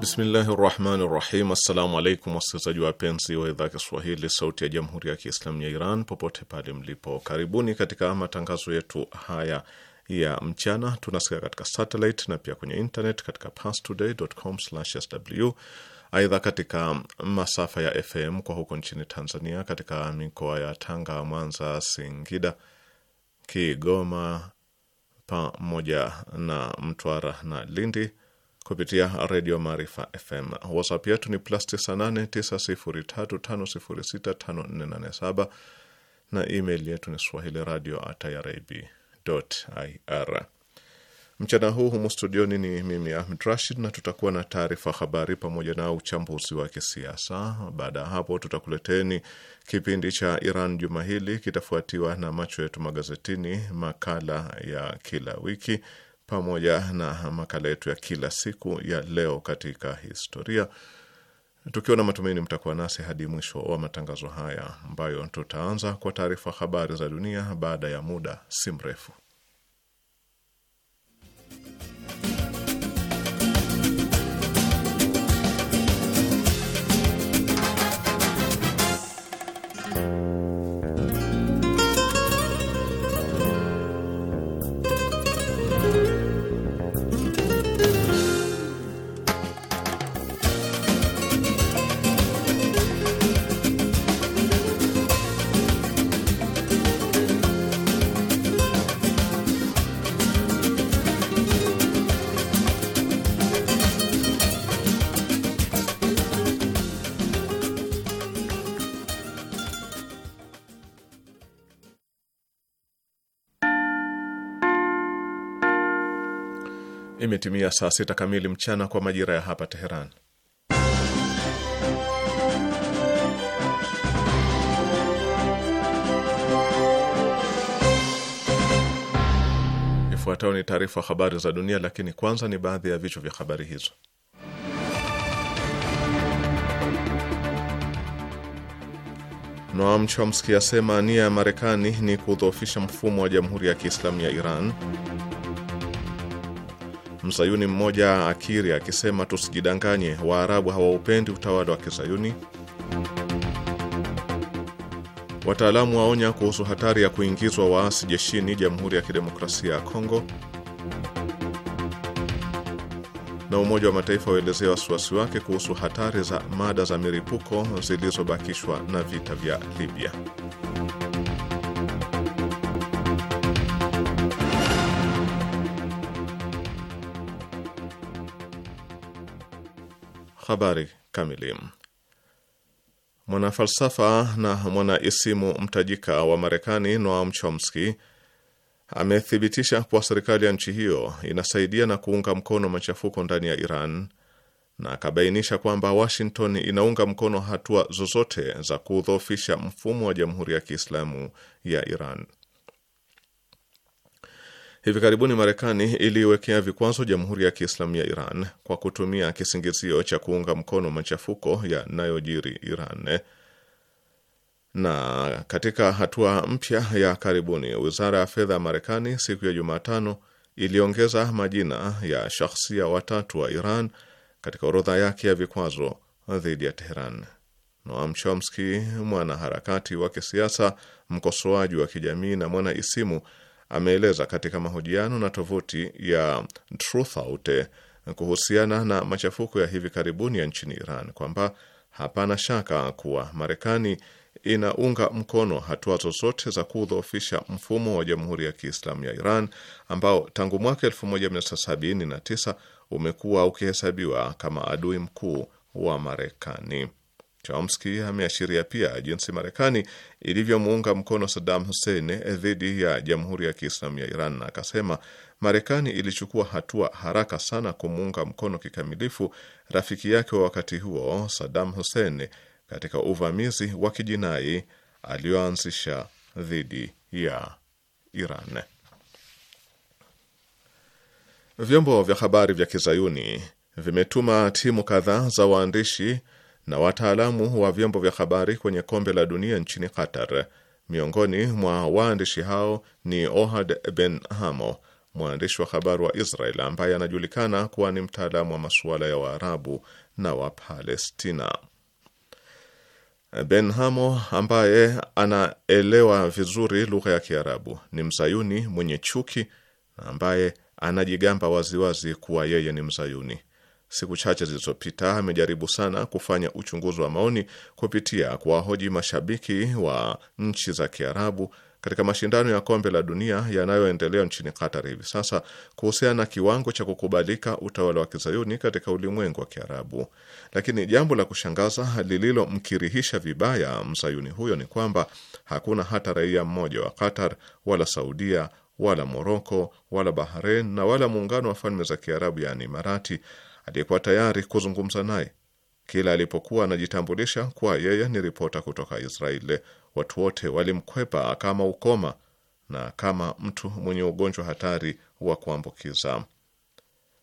Bismillahi rahmani rahim. Assalamu alaikum wasikilizaji wapenzi wa idhaa Kiswahili sauti ya jamhuri ya Kiislamu ya Iran popote pale mlipo, karibuni katika matangazo yetu haya ya mchana. Tunasikia katika satellite na pia kwenye internet katika pastodaycom sw Aidha, katika masafa ya FM kwa huko nchini Tanzania, katika mikoa ya Tanga, Mwanza, Singida, Kigoma pamoja na Mtwara na Lindi kupitia redio Maarifa FM. WhatsApp yetu ni plus 989035065487 na email yetu ni swahili radio irib ir. Mchana huu humu studioni ni mimi Ahmed Rashid, na tutakuwa na taarifa habari pamoja na uchambuzi wa kisiasa. Baada ya hapo, tutakuleteni kipindi cha Iran juma hili, kitafuatiwa na macho yetu magazetini, makala ya kila wiki pamoja na makala yetu ya kila siku ya leo katika historia, tukiwa na matumaini mtakuwa nasi hadi mwisho wa matangazo haya ambayo tutaanza kwa taarifa habari za dunia baada ya muda si mrefu. imetimia saa sita kamili mchana kwa majira ya hapa Teheran. Ifuatayo ni taarifa habari za dunia, lakini kwanza ni baadhi ya vichwa vya habari hizo. Noam Chomsky asema nia ya Marekani ni kudhoofisha mfumo wa Jamhuri ya Kiislamu ya Iran. Msayuni mmoja akiri akisema, tusijidanganye, Waarabu hawaupendi utawala wa Kisayuni. Wataalamu waonya kuhusu hatari ya kuingizwa waasi jeshini Jamhuri ya Kidemokrasia ya Kongo. Na Umoja wa Mataifa waelezea wasiwasi wake kuhusu hatari za mada za miripuko zilizobakishwa na vita vya Libya. Habari kamili. Mwanafalsafa na mwanaisimu mtajika wa Marekani Noam Chomsky amethibitisha kuwa serikali ya nchi hiyo inasaidia na kuunga mkono machafuko ndani ya Iran na akabainisha kwamba Washington inaunga mkono hatua zozote za kuudhoofisha mfumo wa Jamhuri ya Kiislamu ya Iran. Hivi karibuni Marekani iliwekea vikwazo Jamhuri ya Kiislamu ya Iran kwa kutumia kisingizio cha kuunga mkono machafuko yanayojiri Iran. Na katika hatua mpya ya karibuni, wizara ya fedha ya Marekani siku ya Jumatano iliongeza majina ya shahsia watatu wa Iran katika orodha yake ya vikwazo dhidi ya Teheran. Noam Chomsky, mwanaharakati wa kisiasa, mkosoaji wa kijamii na mwana isimu ameeleza katika mahojiano na tovuti ya Truthout eh, kuhusiana na machafuko ya hivi karibuni ya nchini Iran kwamba hapana shaka kuwa Marekani inaunga mkono hatua zozote za kudhoofisha mfumo wa Jamhuri ya Kiislamu ya Iran ambao tangu mwaka 1979 umekuwa ukihesabiwa kama adui mkuu wa Marekani. Chomsky ameashiria pia jinsi Marekani ilivyomuunga mkono Saddam Hussein dhidi ya Jamhuri ya Kiislamu ya Iran na akasema Marekani ilichukua hatua haraka sana kumuunga mkono kikamilifu rafiki yake wa wakati huo Saddam Hussein katika uvamizi wa kijinai aliyoanzisha dhidi ya Iran. Vyombo vya habari vya Kizayuni vimetuma timu kadhaa za waandishi na wataalamu wa vyombo vya habari kwenye kombe la dunia nchini Qatar. Miongoni mwa waandishi hao ni Ohad Ben Hamo, mwandishi wa habari wa Israel ambaye anajulikana kuwa ni mtaalamu wa masuala ya Waarabu na Wapalestina. Ben Hamo ambaye anaelewa vizuri lugha ya Kiarabu ni mzayuni mwenye chuki ambaye anajigamba waziwazi kuwa yeye ni mzayuni siku chache zilizopita amejaribu sana kufanya uchunguzi wa maoni kupitia kuwahoji mashabiki wa nchi za Kiarabu katika mashindano ya kombe la dunia yanayoendelea nchini Qatar hivi sasa kuhusiana na kiwango cha kukubalika utawala wa kizayuni katika ulimwengu wa Kiarabu. Lakini jambo la kushangaza lililomkirihisha vibaya mzayuni huyo ni kwamba hakuna hata raia mmoja wa Qatar wala Saudia wala Moroko wala Bahrain na wala muungano wa falme za Kiarabu yaani Imarati aliyekuwa tayari kuzungumza naye. Kila alipokuwa anajitambulisha kuwa yeye ni ripota kutoka Israeli, watu wote walimkwepa kama ukoma na kama mtu mwenye ugonjwa hatari wa kuambukiza.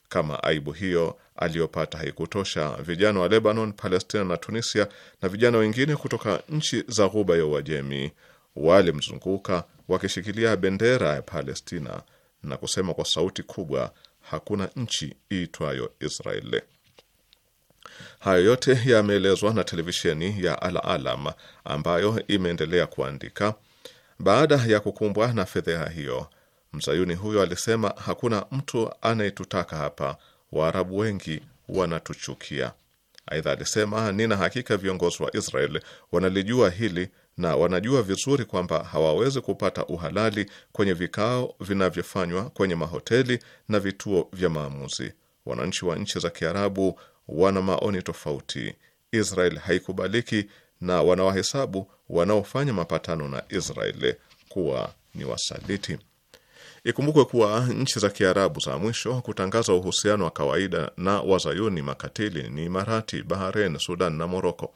Kama aibu hiyo aliyopata haikutosha, vijana wa Lebanon, Palestina na Tunisia na vijana wengine kutoka nchi za Ghuba ya Uajemi walimzunguka wakishikilia bendera ya Palestina na kusema kwa sauti kubwa hakuna nchi iitwayo Israeli. Hayo yote yameelezwa na televisheni ya Al Alam ambayo imeendelea kuandika. Baada ya kukumbwa na fedheha hiyo, mzayuni huyo alisema, hakuna mtu anayetutaka hapa, Waarabu wengi wanatuchukia. Aidha alisema, nina hakika viongozi wa Israel wanalijua hili na wanajua vizuri kwamba hawawezi kupata uhalali kwenye vikao vinavyofanywa kwenye mahoteli na vituo vya maamuzi. Wananchi wa nchi za Kiarabu wana maoni tofauti. Israel haikubaliki na wanawahesabu wanaofanya mapatano na Israel kuwa ni wasaliti. Ikumbukwe kuwa nchi za Kiarabu za mwisho kutangaza uhusiano wa kawaida na wazayuni makatili ni Imarati, Bahrain, Sudan na Moroko.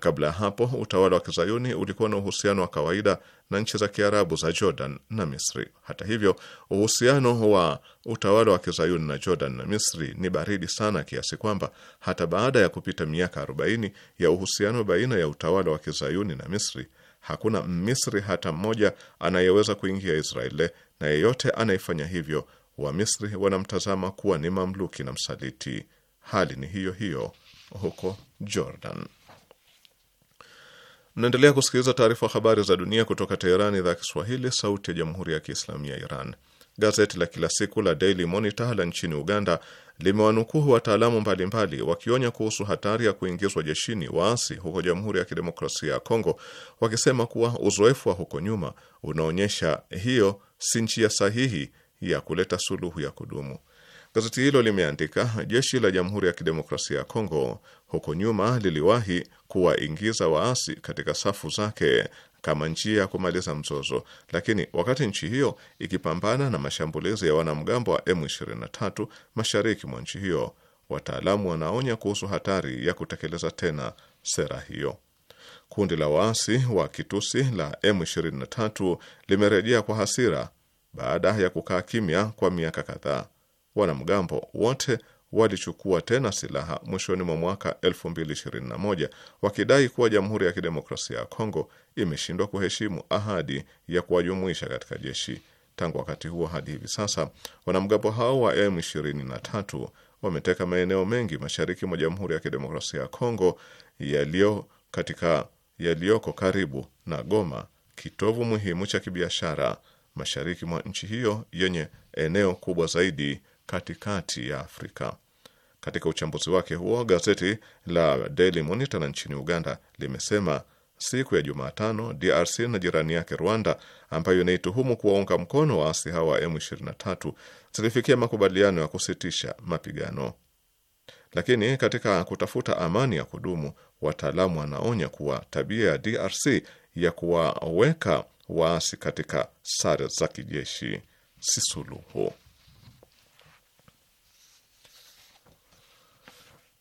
Kabla ya hapo utawala wa kizayuni ulikuwa na uhusiano wa kawaida na nchi za kiarabu za Jordan na Misri. Hata hivyo, uhusiano wa utawala wa kizayuni na Jordan na Misri ni baridi sana kiasi kwamba hata baada ya kupita miaka 40 ya uhusiano baina ya utawala wa kizayuni na Misri, hakuna Misri hata mmoja anayeweza kuingia Israeli, na yeyote anayefanya hivyo Wamisri wanamtazama kuwa ni mamluki na msaliti. Hali ni hiyo hiyo huko Jordan. Mnaendelea kusikiliza taarifa habari za dunia kutoka teheran idhaa Kiswahili, sauti ya jamhuri ya kiislamu ya Iran. Gazeti la kila siku la Daily Monitor la nchini Uganda limewanukuu wataalamu mbalimbali wakionya kuhusu hatari ya kuingizwa jeshini waasi huko Jamhuri ya Kidemokrasia ya Kongo, wakisema kuwa uzoefu wa huko nyuma unaonyesha hiyo si njia sahihi ya kuleta suluhu ya kudumu. Gazeti hilo limeandika jeshi la Jamhuri ya Kidemokrasia ya Kongo huko nyuma liliwahi kuwaingiza waasi katika safu zake kama njia ya kumaliza mzozo, lakini wakati nchi hiyo ikipambana na mashambulizi ya wanamgambo wa M23 mashariki mwa nchi hiyo, wataalamu wanaonya kuhusu hatari ya kutekeleza tena sera hiyo. Kundi la waasi wa Kitusi la M23 limerejea kwa hasira baada ya kukaa kimya kwa miaka kadhaa. Wanamgambo wote walichukua tena silaha mwishoni mwa mwaka 2021 wakidai kuwa Jamhuri ya Kidemokrasia ya Kongo imeshindwa kuheshimu ahadi ya kuwajumuisha katika jeshi. Tangu wakati huo hadi hivi sasa, wanamgambo hao wa M23 wameteka maeneo mengi mashariki mwa Jamhuri ya Kidemokrasia ya Kongo yaliyo katika yaliyoko karibu na Goma, kitovu muhimu cha kibiashara mashariki mwa nchi hiyo yenye eneo kubwa zaidi katikati ya Afrika. Katika uchambuzi wake huo, gazeti la Daily Monitor nchini Uganda limesema siku ya Jumatano, DRC na jirani yake Rwanda, ambayo inaituhumu kuwaunga mkono waasi hawa wa M23, zilifikia makubaliano ya kusitisha mapigano. Lakini katika kutafuta amani ya kudumu, wataalamu wanaonya kuwa tabia ya DRC ya kuwaweka waasi katika sare za kijeshi si suluhu.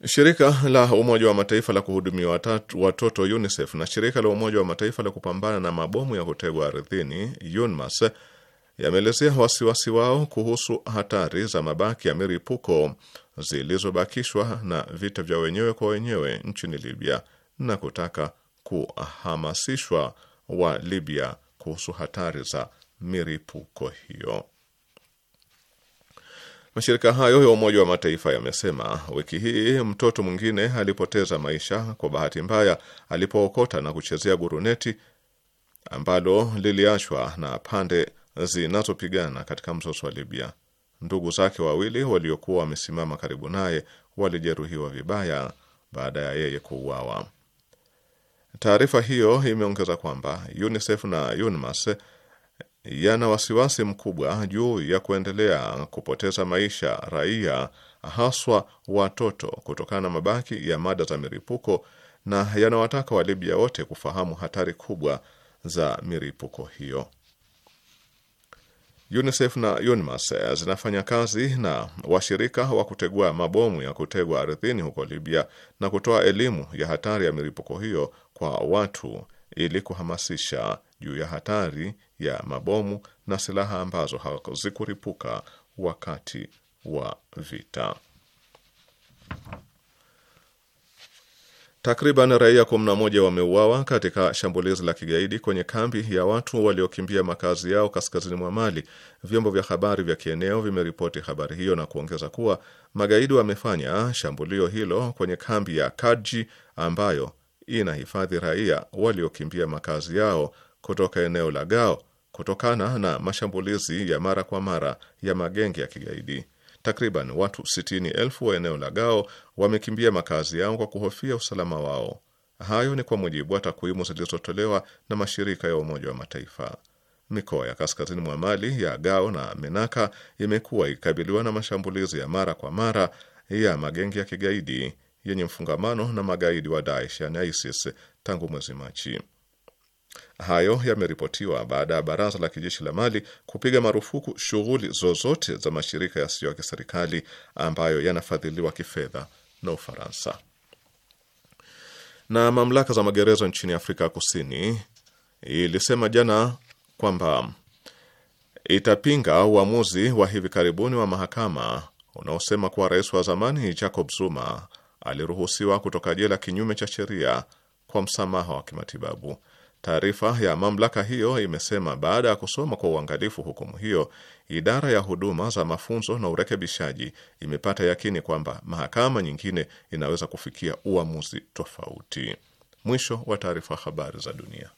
Shirika la Umoja wa Mataifa la kuhudumia watoto UNICEF na shirika la Umoja wa Mataifa la kupambana na mabomu ya kutegwa ardhini UNMAS yameelezea wasiwasi wao kuhusu hatari za mabaki ya miripuko zilizobakishwa na vita vya wenyewe kwa wenyewe nchini Libya na kutaka kuhamasishwa wa Libya kuhusu hatari za miripuko hiyo. Mashirika hayo ya Umoja wa Mataifa yamesema wiki hii mtoto mwingine alipoteza maisha kwa bahati mbaya alipookota na kuchezea guruneti ambalo liliachwa na pande zinazopigana katika mzozo wa Libya. Ndugu zake wawili waliokuwa wamesimama karibu naye walijeruhiwa vibaya baada ya yeye kuuawa. Taarifa hiyo imeongeza kwamba UNICEF na UNMAS yana wasiwasi mkubwa juu ya kuendelea kupoteza maisha raia, haswa watoto, kutokana na mabaki ya mada za miripuko na yanawataka libya wote kufahamu hatari kubwa za miripuko hiyo. UNICEF na UNMAS zinafanya kazi na washirika wa kutegua mabomu ya kutegwa ardhini huko Libya na kutoa elimu ya hatari ya miripuko hiyo kwa watu ili kuhamasisha juu ya hatari ya mabomu na silaha ambazo hazikuripuka wakati wa vita. Takriban raia 11 wameuawa katika shambulizi la kigaidi kwenye kambi ya watu waliokimbia makazi yao kaskazini mwa Mali. Vyombo vya habari vya kieneo vimeripoti habari hiyo na kuongeza kuwa magaidi wamefanya shambulio hilo kwenye kambi ya kaji ambayo inahifadhi raia waliokimbia makazi yao kutoka eneo la Gao kutokana na mashambulizi ya mara kwa mara ya magenge ya kigaidi. Takriban watu sitini elfu wa eneo la Gao wamekimbia makazi yao kwa kuhofia usalama wao. Hayo ni kwa mujibu wa takwimu zilizotolewa na mashirika ya Umoja wa Mataifa. Mikoa ya kaskazini mwa Mali ya Gao na Menaka imekuwa ikikabiliwa na mashambulizi ya mara kwa mara ya magenge ya kigaidi yenye mfungamano na magaidi wa Daesh yani ISIS tangu mwezi Machi. Hayo yameripotiwa baada ya baraza la kijeshi la Mali kupiga marufuku shughuli zozote za mashirika yasiyo ya kiserikali ambayo yanafadhiliwa kifedha na Ufaransa. Na mamlaka za magereza nchini Afrika Kusini ilisema jana kwamba itapinga uamuzi wa hivi karibuni wa mahakama unaosema kuwa rais wa zamani Jacob Zuma aliruhusiwa kutoka jela kinyume cha sheria kwa msamaha wa kimatibabu. Taarifa ya mamlaka hiyo imesema baada ya kusoma kwa uangalifu hukumu hiyo, idara ya huduma za mafunzo na urekebishaji imepata yakini kwamba mahakama nyingine inaweza kufikia uamuzi tofauti. Mwisho wa taarifa. Habari za dunia.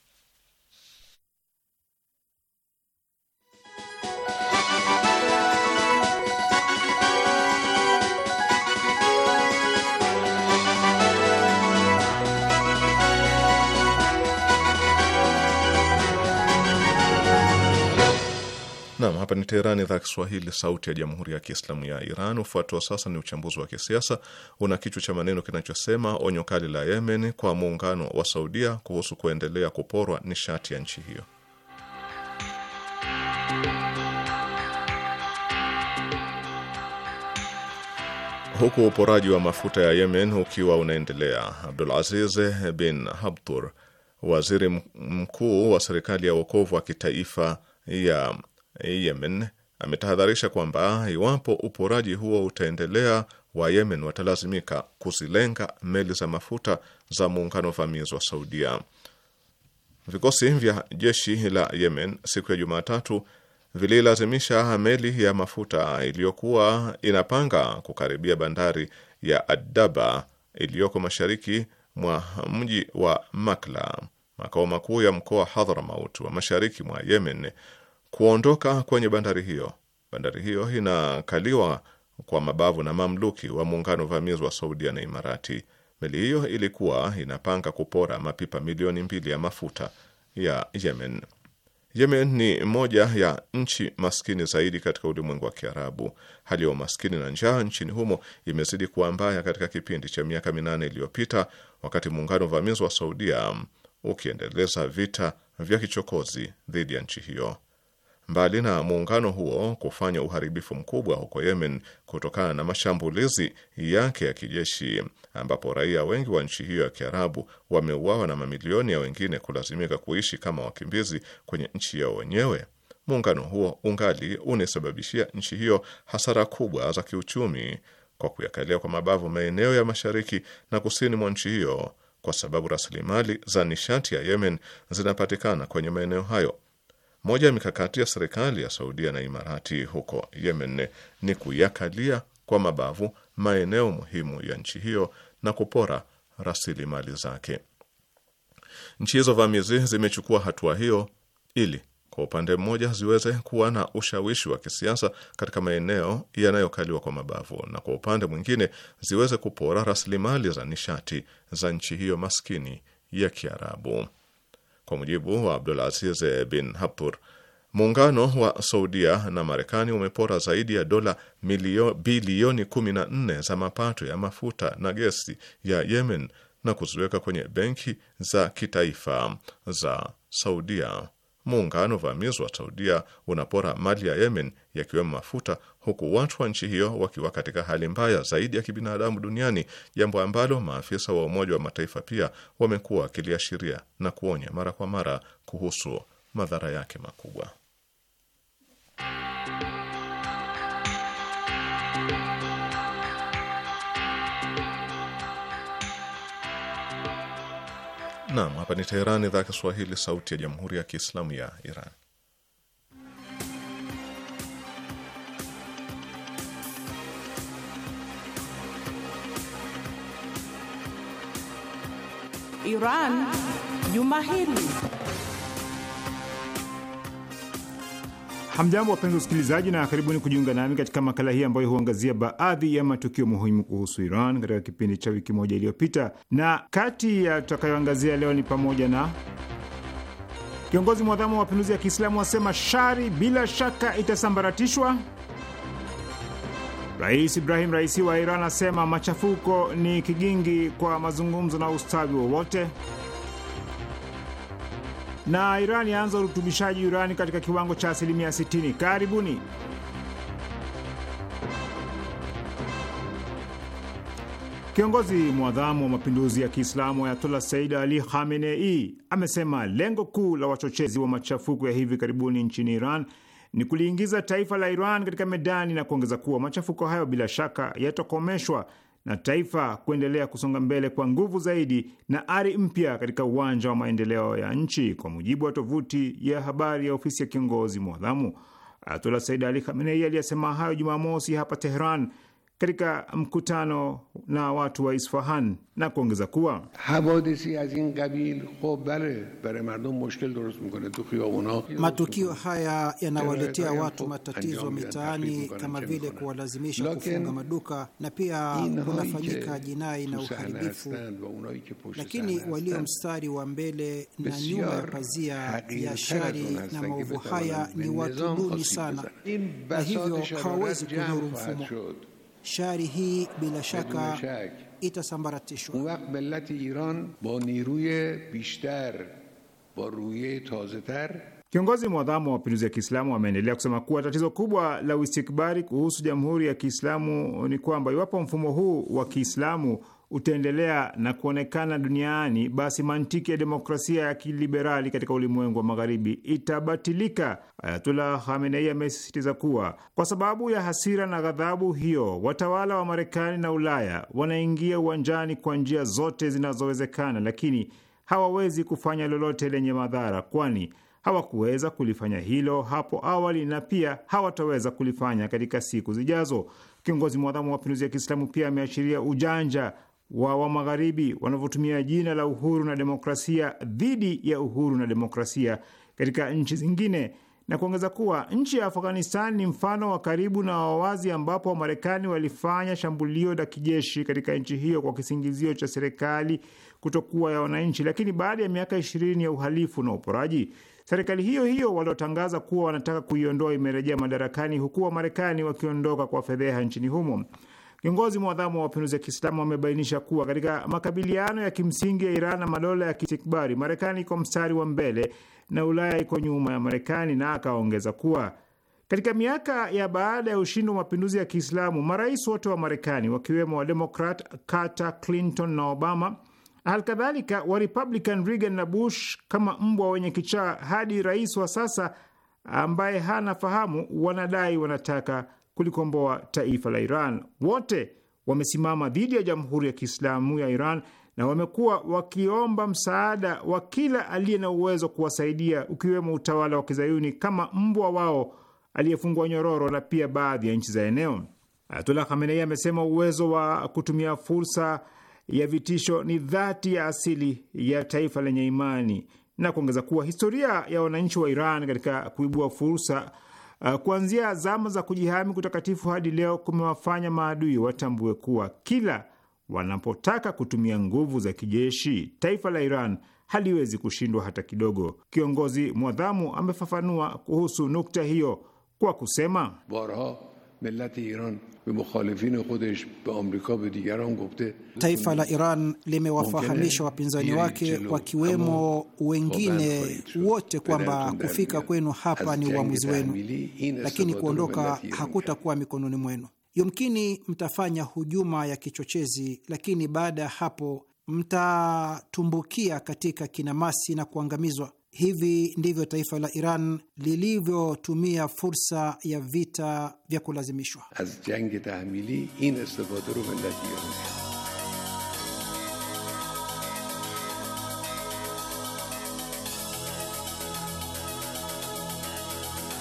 Nam, hapa ni Teherani, idhaa Kiswahili, sauti ya jamhuri ya kiislamu ya Iran. Ufuatao sasa ni uchambuzi wa kisiasa una kichwa cha maneno kinachosema onyo kali la Yemen kwa muungano wa Saudia kuhusu kuendelea kuporwa nishati ya nchi hiyo. Huku uporaji wa mafuta ya Yemen ukiwa unaendelea, Abdul Aziz bin Habtur, waziri mkuu wa serikali ya uokovu wa kitaifa ya E, yemen ametahadharisha kwamba iwapo uporaji huo utaendelea, wa yemen watalazimika kuzilenga meli za mafuta za muungano vamizi wa Saudia. Vikosi vya jeshi la Yemen siku ya Jumatatu vililazimisha meli ya mafuta iliyokuwa inapanga kukaribia bandari ya Adaba iliyoko mashariki mwa mji wa Makla, makao makuu ya mkoa Hadhramaut wa mashariki mwa Yemen, kuondoka kwenye bandari hiyo. Bandari hiyo inakaliwa kwa mabavu na mamluki wa muungano vamizi wa Saudia na Imarati. Meli hiyo ilikuwa inapanga kupora mapipa milioni mbili ya mafuta ya Yemen. Yemen ni moja ya nchi maskini zaidi katika ulimwengu wa Kiarabu. Hali ya umaskini na njaa nchini humo imezidi kuwa mbaya katika kipindi cha miaka minane iliyopita, wakati muungano vamizi wa Saudia ukiendeleza vita vya kichokozi dhidi ya nchi hiyo. Mbali na muungano huo kufanya uharibifu mkubwa huko Yemen kutokana na mashambulizi yake ya kijeshi, ambapo raia wengi wa nchi hiyo ya Kiarabu wameuawa na mamilioni ya wengine kulazimika kuishi kama wakimbizi kwenye nchi yao wenyewe, muungano huo ungali unaisababishia nchi hiyo hasara kubwa za kiuchumi kwa kuyakalia kwa mabavu maeneo ya mashariki na kusini mwa nchi hiyo, kwa sababu rasilimali za nishati ya Yemen zinapatikana kwenye maeneo hayo. Moja ya mikakati ya serikali ya Saudia na Imarati huko Yemen ni kuyakalia kwa mabavu maeneo muhimu ya nchi hiyo na kupora rasilimali zake. Nchi hizo vamizi zimechukua hatua hiyo ili kwa upande mmoja ziweze kuwa na ushawishi wa kisiasa katika maeneo yanayokaliwa kwa mabavu, na kwa upande mwingine ziweze kupora rasilimali za nishati za nchi hiyo maskini ya Kiarabu. Kwa mujibu wa Abdul Aziz bin Hapur, muungano wa Saudia na Marekani umepora zaidi ya dola bilioni 14 za mapato ya mafuta na gesi ya Yemen na kuziweka kwenye benki za kitaifa za Saudia. Muungano vamizi wa Saudia unapora mali ya Yemen, yakiwemo mafuta huku watu wa nchi hiyo wakiwa katika hali mbaya zaidi ya kibinadamu duniani, jambo ambalo maafisa wa Umoja wa Mataifa pia wamekuwa wakiliashiria na kuonya mara kwa mara kuhusu madhara yake makubwa. Naam, hapa ni Teherani, idhaa ya Kiswahili, sauti ya Jamhuri ya Kiislamu ya Iran. Iran juma hili. Hamjambo, wapenzi wasikilizaji, na karibuni kujiunga nami katika makala hii ambayo huangazia baadhi ya matukio muhimu kuhusu Iran katika kipindi cha wiki moja iliyopita, na kati ya tutakayoangazia leo ni pamoja na kiongozi mwadhamu wa mapinduzi ya Kiislamu asema shari bila shaka itasambaratishwa Rais Ibrahim Raisi wa Iran asema machafuko ni kigingi kwa mazungumzo na ustawi wowote, na Iran yaanza urutubishaji urani katika kiwango cha asilimia 60. Karibuni. Kiongozi mwadhamu wa mapinduzi ya Kiislamu Ayatollah Said Ali Khamenei amesema lengo kuu la wachochezi wa machafuko ya hivi karibuni nchini Iran ni kuliingiza taifa la Iran katika medani na kuongeza kuwa machafuko hayo bila shaka yatakomeshwa na taifa kuendelea kusonga mbele kwa nguvu zaidi na ari mpya katika uwanja wa maendeleo ya nchi. Kwa mujibu wa tovuti ya habari ya ofisi ya kiongozi mwadhamu Ayatullah Said Ali Khamenei aliyesema hayo Jumamosi hapa Tehran katika mkutano na watu wa Isfahan na kuongeza kuwa matukio haya yanawaletea watu matatizo mitaani kama vile kuwalazimisha kufunga maduka na pia kunafanyika jinai na uharibifu, lakini walio mstari wa mbele na nyuma ya pazia ya shari na maovu haya ni watu duni sana, na hivyo hawawezi kunuru mfumo shari hii bila shaka itasambaratishwa. Kiongozi mwadhamu wa mapinduzi ya Kiislamu ameendelea kusema kuwa tatizo kubwa la uistikbari kuhusu jamhuri ya Kiislamu ni kwamba iwapo mfumo huu wa Kiislamu utaendelea na kuonekana duniani, basi mantiki ya demokrasia ya kiliberali katika ulimwengu wa magharibi itabatilika. Ayatullah Khamenei amesisitiza kuwa kwa sababu ya hasira na ghadhabu hiyo, watawala wa Marekani na Ulaya wanaingia uwanjani kwa njia zote zinazowezekana, lakini hawawezi kufanya lolote lenye madhara, kwani hawakuweza kulifanya hilo hapo awali na pia hawataweza kulifanya katika siku zijazo. Kiongozi mwadhamu wa mapinduzi ya Kiislamu pia ameashiria ujanja wa wa magharibi wanavyotumia jina la uhuru na demokrasia dhidi ya uhuru na demokrasia katika nchi zingine, na kuongeza kuwa nchi ya Afghanistan ni mfano wa karibu na wawazi ambapo Wamarekani walifanya shambulio la kijeshi katika nchi hiyo kwa kisingizio cha serikali kutokuwa ya wananchi, lakini baada ya miaka ishirini ya uhalifu na uporaji serikali hiyo hiyo waliotangaza kuwa wanataka kuiondoa imerejea madarakani, huku Wamarekani wakiondoka kwa fedheha nchini humo. Kiongozi mwadhamu wa mapinduzi ya Kiislamu amebainisha kuwa katika makabiliano ya kimsingi ya Iran na madola ya kistikbari, Marekani iko mstari wa mbele na Ulaya iko nyuma ya Marekani, na akaongeza kuwa katika miaka ya baada ya ushindi wa mapinduzi ya Kiislamu, marais wote wa Marekani wakiwemo Wademokrat Carter, Clinton na Obama, halikadhalika wa Republican Reagan na Bush, kama mbwa wenye kichaa, hadi rais wa sasa ambaye hana fahamu, wanadai wanataka kulikomboa taifa la Iran. Wote wamesimama dhidi ya Jamhuri ya Kiislamu ya Iran na wamekuwa wakiomba msaada wa kila aliye na uwezo kuwasaidia, ukiwemo utawala wa kizayuni kama mbwa wao aliyefungwa nyororo na pia baadhi ya nchi za eneo. Ayatullah Khamenei amesema uwezo wa kutumia fursa ya vitisho ni dhati ya asili ya taifa lenye imani na kuongeza kuwa historia ya wananchi wa Iran katika kuibua fursa Uh, kuanzia zama za kujihami kutakatifu hadi leo kumewafanya maadui watambue kuwa kila wanapotaka kutumia nguvu za kijeshi, taifa la Iran haliwezi kushindwa hata kidogo. Kiongozi mwadhamu amefafanua kuhusu nukta hiyo kwa kusema Taifa la Iran limewafahamisha wapinzani wake wakiwemo wengine wote kwamba kufika kwenu hapa ni uamuzi wenu, lakini kuondoka hakutakuwa mikononi mwenu. Yumkini mtafanya hujuma ya kichochezi, lakini baada ya hapo mtatumbukia katika kinamasi na kuangamizwa. Hivi ndivyo taifa la Iran lilivyotumia fursa ya vita vya kulazimishwa.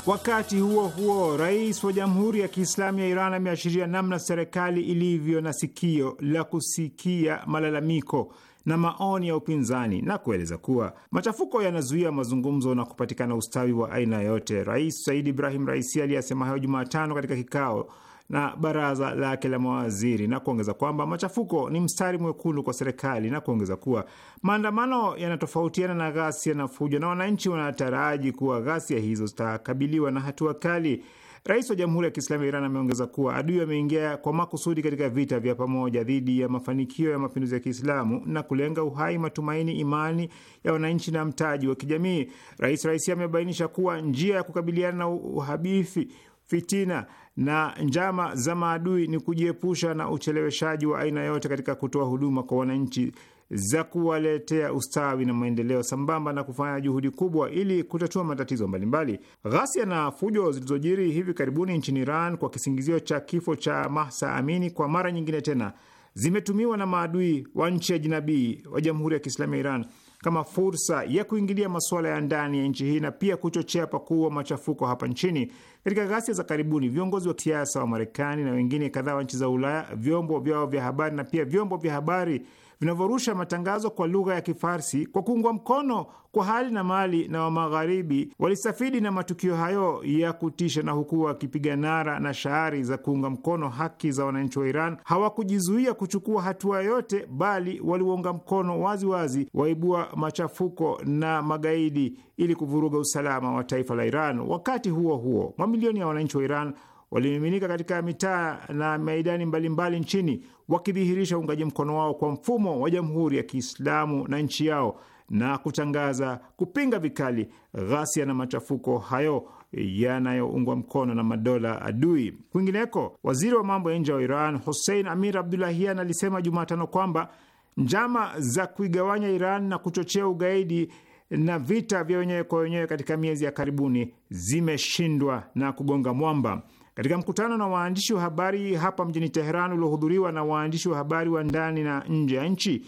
Wakati huo huo, rais wa Jamhuri ya Kiislamu ya Iran ameashiria namna serikali ilivyo na sikio la kusikia malalamiko na maoni ya upinzani na kueleza kuwa machafuko yanazuia mazungumzo na kupatikana ustawi wa aina yote. Rais Said Ibrahim Raisi aliyasema hayo Jumatano katika kikao na baraza lake la mawaziri na kuongeza kwamba machafuko ni mstari mwekundu kwa serikali na kuongeza kuwa maandamano yanatofautiana na ghasia na fujo, na wananchi wanataraji kuwa ghasia hizo zitakabiliwa na hatua kali. Rais wa Jamhuri ya Kiislamu ya Iran ameongeza kuwa adui ameingia kwa makusudi katika vita vya pamoja dhidi ya mafanikio ya mapinduzi ya Kiislamu na kulenga uhai, matumaini, imani ya wananchi na mtaji wa kijamii. Rais Raisi amebainisha kuwa njia ya kukabiliana na uhabifi, fitina na njama za maadui ni kujiepusha na ucheleweshaji wa aina yote katika kutoa huduma kwa wananchi za kuwaletea ustawi na maendeleo sambamba na kufanya juhudi kubwa ili kutatua matatizo mbalimbali. Ghasia na fujo zilizojiri hivi karibuni nchini Iran kwa kisingizio cha kifo cha Mahsa Amini kwa mara nyingine tena zimetumiwa na maadui wa nchi ya jinabii wa Jamhuri ya Kiislamu ya Iran kama fursa ya kuingilia masuala ya ndani ya nchi hii na pia kuchochea pakuwa machafuko hapa nchini. Katika ghasia za karibuni, viongozi wa kisiasa wa Marekani na wengine kadhaa wa nchi za Ulaya, vyombo vyao vya habari na pia vyombo vya habari vinavyorusha matangazo kwa lugha ya Kifarsi kwa kuungwa mkono kwa hali na mali na wa Magharibi walisafidi na matukio hayo ya kutisha, na huku wakipiga nara na shaari za kuunga mkono haki za wananchi wa Iran hawakujizuia kuchukua hatua yote, bali waliwaunga mkono waziwazi wazi waibua machafuko na magaidi ili kuvuruga usalama wa taifa la Iran. Wakati huo huo, mamilioni ya wananchi wa Iran walimiminika katika mitaa na maidani mbalimbali nchini wakidhihirisha uungaji mkono wao kwa mfumo wa Jamhuri ya Kiislamu na nchi yao na kutangaza kupinga vikali ghasia na machafuko hayo yanayoungwa mkono na madola adui. Kwingineko, waziri wa mambo ya nje wa Iran Hussein Amir Abdulahian alisema Jumatano kwamba njama za kuigawanya Iran na kuchochea ugaidi na vita vya wenyewe kwa wenyewe katika miezi ya karibuni zimeshindwa na kugonga mwamba. Katika mkutano na waandishi wa habari hapa mjini Teheran uliohudhuriwa na waandishi wa habari wa ndani na nje ya nchi,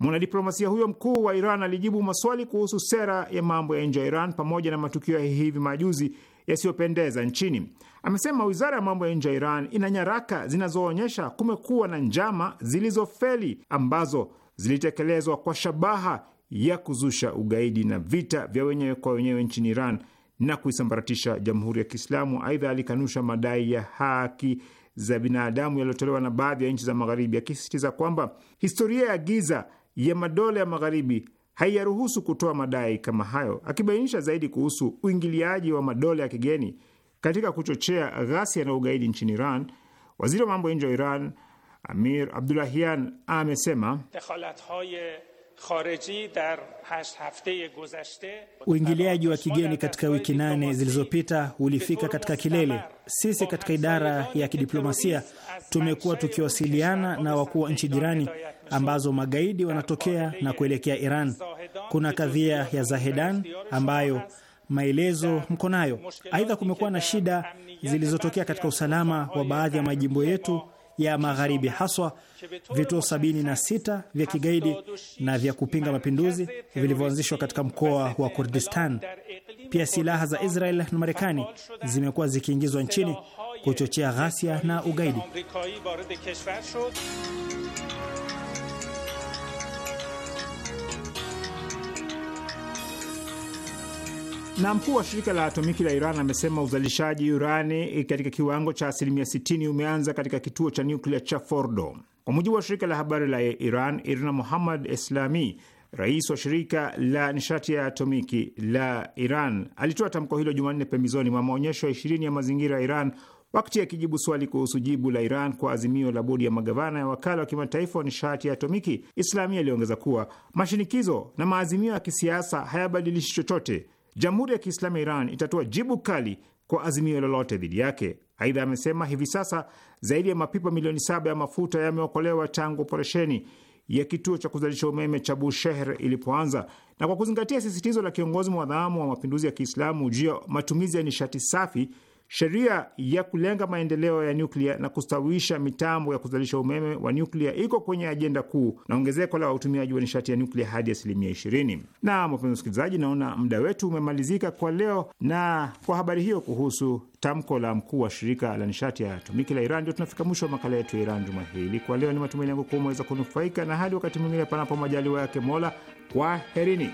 mwanadiplomasia huyo mkuu wa Iran alijibu maswali kuhusu sera ya mambo ya nje ya Iran pamoja na matukio ya hivi majuzi yasiyopendeza nchini. Amesema wizara ya mambo ya nje ya Iran ina nyaraka zinazoonyesha kumekuwa na njama zilizofeli ambazo zilitekelezwa kwa shabaha ya kuzusha ugaidi na vita vya wenyewe kwa wenyewe nchini Iran na kuisambaratisha Jamhuri ya Kiislamu. Aidha, alikanusha madai ya haki za binadamu yaliyotolewa na baadhi ya nchi za Magharibi, akisisitiza kwamba historia ya giza ya madola ya Magharibi haiyaruhusu kutoa madai kama hayo, akibainisha zaidi kuhusu uingiliaji wa madola ya kigeni katika kuchochea ghasia na ugaidi nchini Iran. Waziri wa mambo ya nje wa Iran Amir Abdulahian amesema Uingiliaji wa kigeni katika wiki nane zilizopita ulifika katika kilele. Sisi katika idara ya kidiplomasia tumekuwa tukiwasiliana na wakuu wa nchi jirani ambazo magaidi wanatokea na kuelekea Iran. Kuna kadhia ya Zahedan ambayo maelezo mko nayo. Aidha, kumekuwa na shida zilizotokea katika usalama wa baadhi ya majimbo yetu ya magharibi, haswa vituo 76 vya kigaidi na vya kupinga mapinduzi vilivyoanzishwa katika mkoa wa Kurdistan. Pia silaha za Israel na Marekani zimekuwa zikiingizwa nchini kuchochea ghasia na ugaidi. Na mkuu wa shirika la atomiki la Iran amesema uzalishaji urani e, katika kiwango cha asilimia 60 umeanza katika kituo cha nyuklia cha Fordo. Kwa mujibu wa shirika la habari la Iran, Irna Muhammad islami rais wa shirika la nishati ya atomiki la Iran, alitoa tamko hilo Jumanne pembezoni mwa maonyesho ya ishirini ya mazingira ya Iran wakati akijibu swali kuhusu jibu la Iran kwa azimio la bodi ya magavana ya wakala wa kimataifa wa nishati ya atomiki. islami aliongeza kuwa mashinikizo na maazimio ya kisiasa hayabadilishi chochote Jamhuri ya Kiislamu ya Iran itatoa jibu kali kwa azimio lolote dhidi yake. Aidha, amesema hivi sasa zaidi ya mapipa milioni saba ya mafuta yameokolewa tangu operesheni ya kituo cha kuzalisha umeme cha Bushehr ilipoanza, na kwa kuzingatia sisitizo la kiongozi mwadhamu wa mapinduzi ya Kiislamu juu ya matumizi ya nishati safi Sheria ya kulenga maendeleo ya nyuklia na kustawisha mitambo ya kuzalisha umeme wa nyuklia iko kwenye ajenda kuu na ongezeko la utumiaji wa nishati ya nyuklia hadi asilimia ishirini. Na wapenzi wasikilizaji, naona muda wetu umemalizika kwa leo, na kwa habari hiyo kuhusu tamko la mkuu wa shirika la nishati ya atomiki la Iran, ndio tunafika mwisho wa makala yetu ya Iran juma hili. Kwa leo, ni matumaini yangu kuwa umeweza kunufaika, na hadi wakati mwingine, panapo majaliwa yake Mola, kwa herini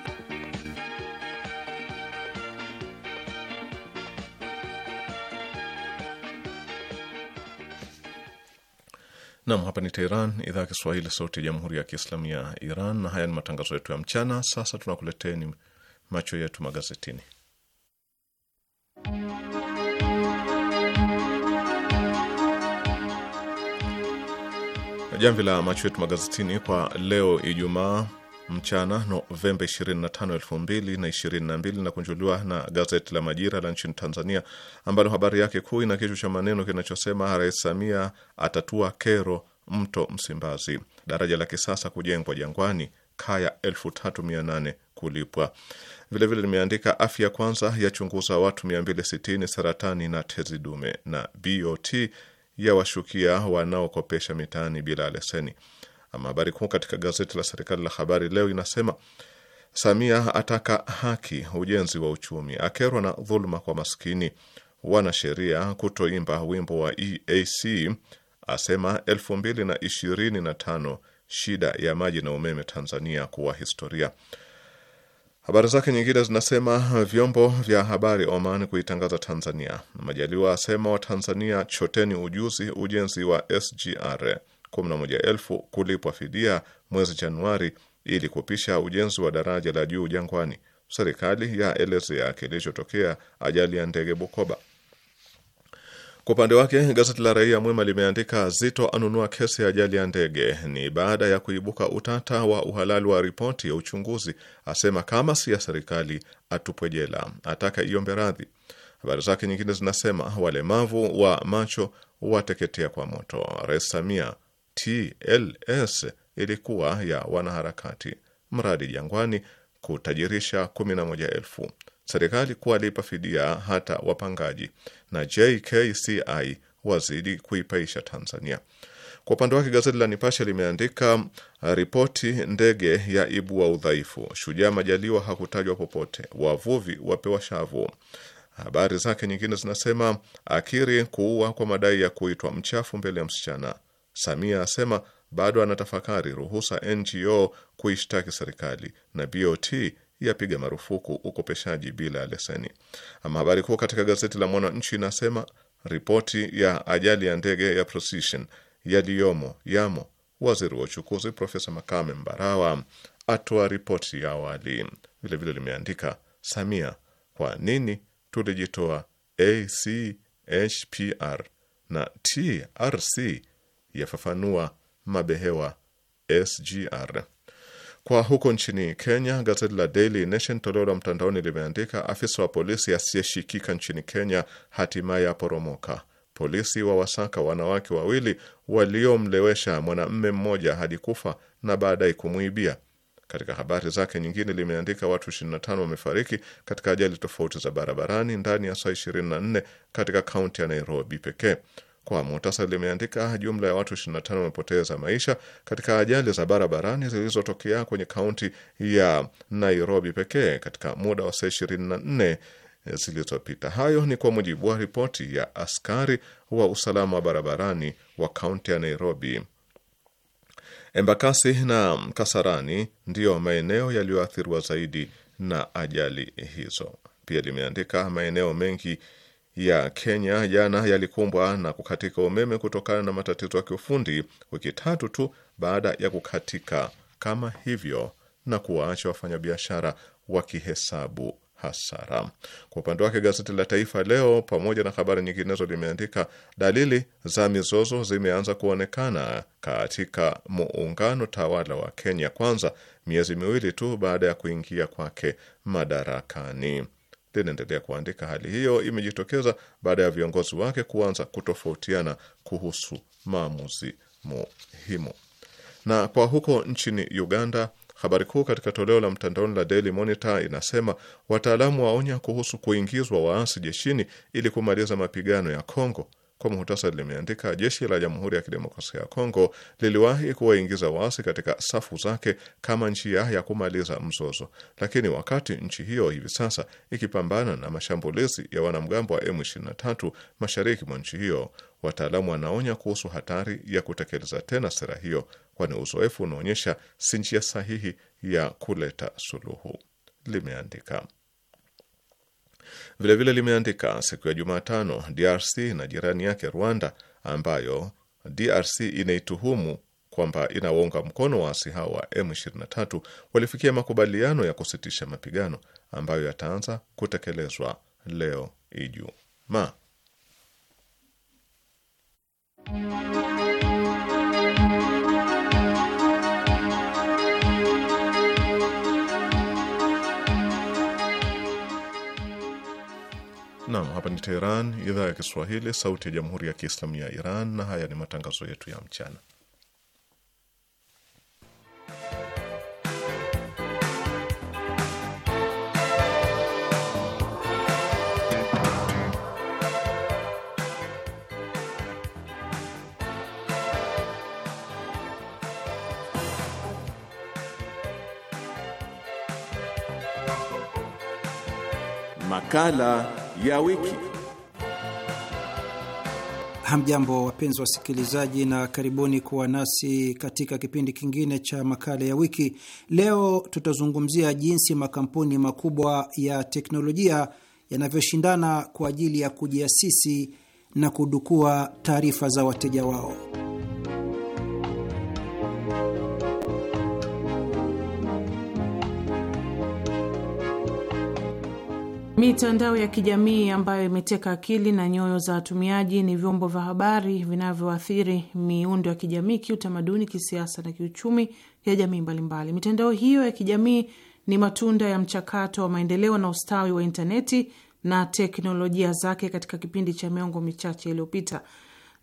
Nam, hapa ni Teheran, idhaa ya Kiswahili, sauti ya jamhuri ya kiislamu ya Iran, na haya ni matangazo yetu ya mchana. Sasa tunakuleteni macho yetu magazetini. Jamvi la macho yetu magazetini kwa leo Ijumaa mchana Novemba 25, 2022 na kunjuliwa na gazeti la Majira la nchini Tanzania, ambalo habari yake kuu ina kichwa cha maneno kinachosema Rais Samia atatua kero mto Msimbazi, daraja la kisasa kujengwa Jangwani, kaya 3800 kulipwa. Vilevile limeandika afya kwanza yachunguza watu 260 saratani na tezi dume, na BOT ya washukia wanaokopesha mitaani bila leseni. Ama habari kuu katika gazeti la serikali la Habari Leo inasema Samia ataka haki ujenzi wa uchumi, akerwa na dhuluma kwa maskini, wanasheria kutoimba wimbo wa EAC, asema 2025 shida ya maji na umeme Tanzania kuwa historia. Habari zake nyingine zinasema vyombo vya habari Oman kuitangaza Tanzania, Majaliwa asema Watanzania choteni ujuzi ujenzi wa SGR 11,000 kulipwa fidia mwezi Januari ili kupisha ujenzi wa daraja la juu Jangwani. Serikali yaelezea kilichotokea ajali ya ndege Bukoba. Kwa upande wake gazeti la Raia Mwema limeandika Zito anunua kesi ya ajali ya ndege. Ni baada ya kuibuka utata wa uhalali wa ripoti ya uchunguzi, asema kama si ya serikali atupwe jela, ataka iombe radhi. Habari zake nyingine zinasema walemavu wa macho wateketea kwa moto, Rais Samia TLS ilikuwa ya wanaharakati, mradi Jangwani kutajirisha 11,000, serikali kuwalipa fidia hata wapangaji, na JKCI wazidi kuipaisha Tanzania. Kwa upande wake gazeti la Nipashe limeandika ripoti, ndege ya ibua udhaifu, Shujaa Majaliwa hakutajwa popote, wavuvi wapewa shavu. Habari zake nyingine zinasema akiri kuua kwa madai ya kuitwa mchafu mbele ya msichana Samia asema bado anatafakari ruhusa NGO kuishtaki serikali, na BOT yapiga marufuku ukopeshaji bila leseni. Ama habari kuu katika gazeti la Mwananchi inasema ripoti ya ajali ya ndege ya Precision, yaliyomo yamo. Waziri wa uchukuzi Profesa Makame Mbarawa atoa ripoti ya awali. Vilevile limeandika Samia, kwa nini tulijitoa ACHPR na TRC yafafanua mabehewa SGR. Kwa huko nchini Kenya, gazeti la Daily Nation toleo la mtandaoni limeandika afisa wa polisi asiyeshikika nchini Kenya hatimaye aporomoka. Polisi wa wasaka wanawake wawili waliomlewesha mwanamme mmoja hadi kufa na baadaye kumwibia. Katika habari zake nyingine limeandika watu 25 wamefariki katika ajali tofauti za barabarani ndani ya saa 24 katika kaunti ya Nairobi pekee. Kwa muhtasari, limeandika jumla ya watu 25 wamepoteza maisha katika ajali za barabarani zilizotokea kwenye kaunti ya Nairobi pekee katika muda wa saa 24 zilizopita. Hayo ni kwa mujibu wa ripoti ya askari wa usalama wa barabarani wa kaunti ya Nairobi. Embakasi na Kasarani ndiyo maeneo yaliyoathiriwa zaidi na ajali hizo. Pia limeandika maeneo mengi ya Kenya jana yalikumbwa na kukatika umeme kutokana na matatizo ya kiufundi wiki tatu tu baada ya kukatika kama hivyo na kuwaacha wafanyabiashara wakihesabu hasara. Kwa upande wake gazeti la Taifa Leo pamoja na habari nyinginezo limeandika dalili za mizozo zimeanza kuonekana katika muungano tawala wa Kenya Kwanza, miezi miwili tu baada ya kuingia kwake madarakani linaendelea kuandika, hali hiyo imejitokeza baada ya viongozi wake kuanza kutofautiana kuhusu maamuzi muhimu. Na kwa huko nchini Uganda, habari kuu katika toleo la mtandaoni la Daily Monitor inasema wataalamu waonya kuhusu kuingizwa waasi jeshini ili kumaliza mapigano ya Kongo. Kwa muhtasari, limeandika jeshi la Jamhuri ya Kidemokrasia ya Kongo liliwahi kuwaingiza waasi katika safu zake kama njia ya kumaliza mzozo, lakini wakati nchi hiyo hivi sasa ikipambana na mashambulizi ya wanamgambo wa M23 mashariki mwa nchi hiyo, wataalamu wanaonya kuhusu hatari ya kutekeleza tena sera hiyo, kwani uzoefu unaonyesha si njia sahihi ya kuleta suluhu, limeandika. Vilevile limeandika siku ya Jumatano, DRC na jirani yake Rwanda, ambayo DRC inaituhumu kwamba inawaunga mkono waasi hao wa M23 walifikia makubaliano ya kusitisha mapigano ambayo yataanza kutekelezwa leo Ijumaa. Naam, hapa ni Teheran, idhaa ya Kiswahili, sauti ya jamhuri ya kiislamu ya Iran, na haya ni matangazo yetu ya mchana. Makala ya wiki. Hamjambo, wapenzi wasikilizaji, na karibuni kuwa nasi katika kipindi kingine cha makala ya wiki. Leo tutazungumzia jinsi makampuni makubwa ya teknolojia yanavyoshindana kwa ajili ya kujiasisi na kudukua taarifa za wateja wao. Mitandao ya kijamii ambayo imeteka akili na nyoyo za watumiaji ni vyombo vya habari vinavyoathiri miundo ya kijamii, kiutamaduni, kisiasa na kiuchumi ya jamii mbalimbali. Mitandao hiyo ya kijamii ni matunda ya mchakato wa maendeleo na ustawi wa intaneti na teknolojia zake katika kipindi cha miongo michache iliyopita.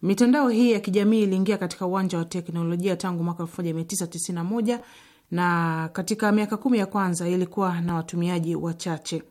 Mitandao hii ya kijamii iliingia katika uwanja wa teknolojia tangu mwaka 1991 na katika miaka kumi ya kwanza ilikuwa na watumiaji wachache.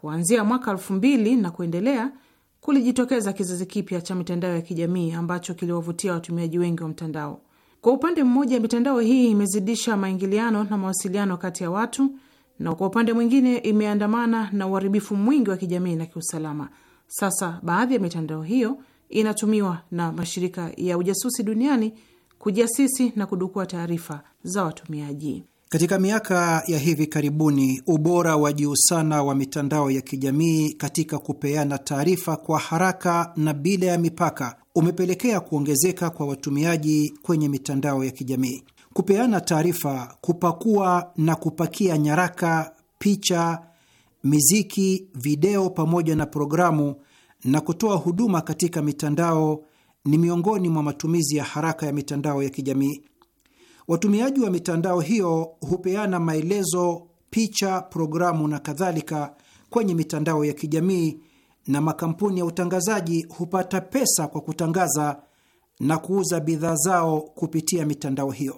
Kuanzia mwaka elfu mbili na kuendelea kulijitokeza kizazi kipya cha mitandao ya kijamii ambacho kiliwavutia watumiaji wengi wa mtandao. Kwa upande mmoja, mitandao hii imezidisha maingiliano na mawasiliano kati ya watu, na kwa upande mwingine imeandamana na uharibifu mwingi wa kijamii na kiusalama. Sasa baadhi ya mitandao hiyo inatumiwa na mashirika ya ujasusi duniani kujiasisi na kudukua taarifa za watumiaji. Katika miaka ya hivi karibuni, ubora wa juu sana wa mitandao ya kijamii katika kupeana taarifa kwa haraka na bila ya mipaka umepelekea kuongezeka kwa watumiaji kwenye mitandao ya kijamii. Kupeana taarifa, kupakua na kupakia nyaraka, picha, miziki, video pamoja na programu na kutoa huduma katika mitandao ni miongoni mwa matumizi ya haraka ya mitandao ya kijamii. Watumiaji wa mitandao hiyo hupeana maelezo, picha, programu na kadhalika kwenye mitandao ya kijamii, na makampuni ya utangazaji hupata pesa kwa kutangaza na kuuza bidhaa zao kupitia mitandao hiyo.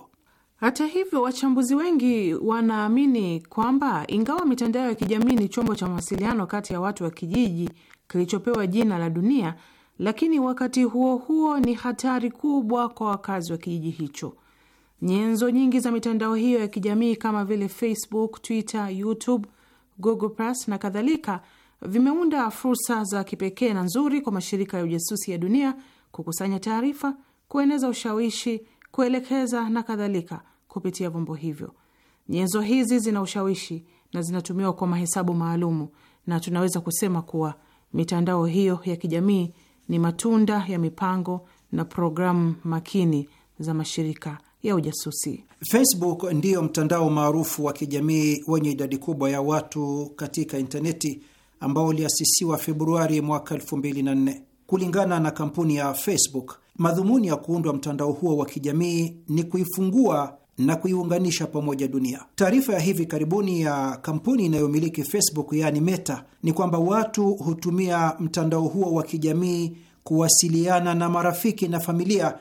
Hata hivyo, wachambuzi wengi wanaamini kwamba ingawa mitandao ya kijamii ni chombo cha mawasiliano kati ya watu wa kijiji kilichopewa jina la dunia, lakini wakati huo huo ni hatari kubwa kwa wakazi wa kijiji hicho. Nyenzo nyingi za mitandao hiyo ya kijamii kama vile Facebook, Twitter, YouTube, Google Plus na kadhalika vimeunda fursa za kipekee na nzuri kwa mashirika ya ujasusi ya dunia kukusanya taarifa, kueneza ushawishi, kuelekeza na kadhalika kupitia vyombo hivyo. Nyenzo hizi zina ushawishi na zinatumiwa kwa mahesabu maalumu, na tunaweza kusema kuwa mitandao hiyo ya kijamii ni matunda ya mipango na programu makini za mashirika ya ujasusi. Facebook ndiyo mtandao maarufu wa kijamii wenye idadi kubwa ya watu katika intaneti ambao uliasisiwa Februari mwaka 2004. Kulingana na kampuni ya Facebook, madhumuni ya kuundwa mtandao huo wa kijamii ni kuifungua na kuiunganisha pamoja dunia. Taarifa ya hivi karibuni ya kampuni inayomiliki Facebook yaani Meta ni kwamba watu hutumia mtandao huo wa kijamii kuwasiliana na marafiki na familia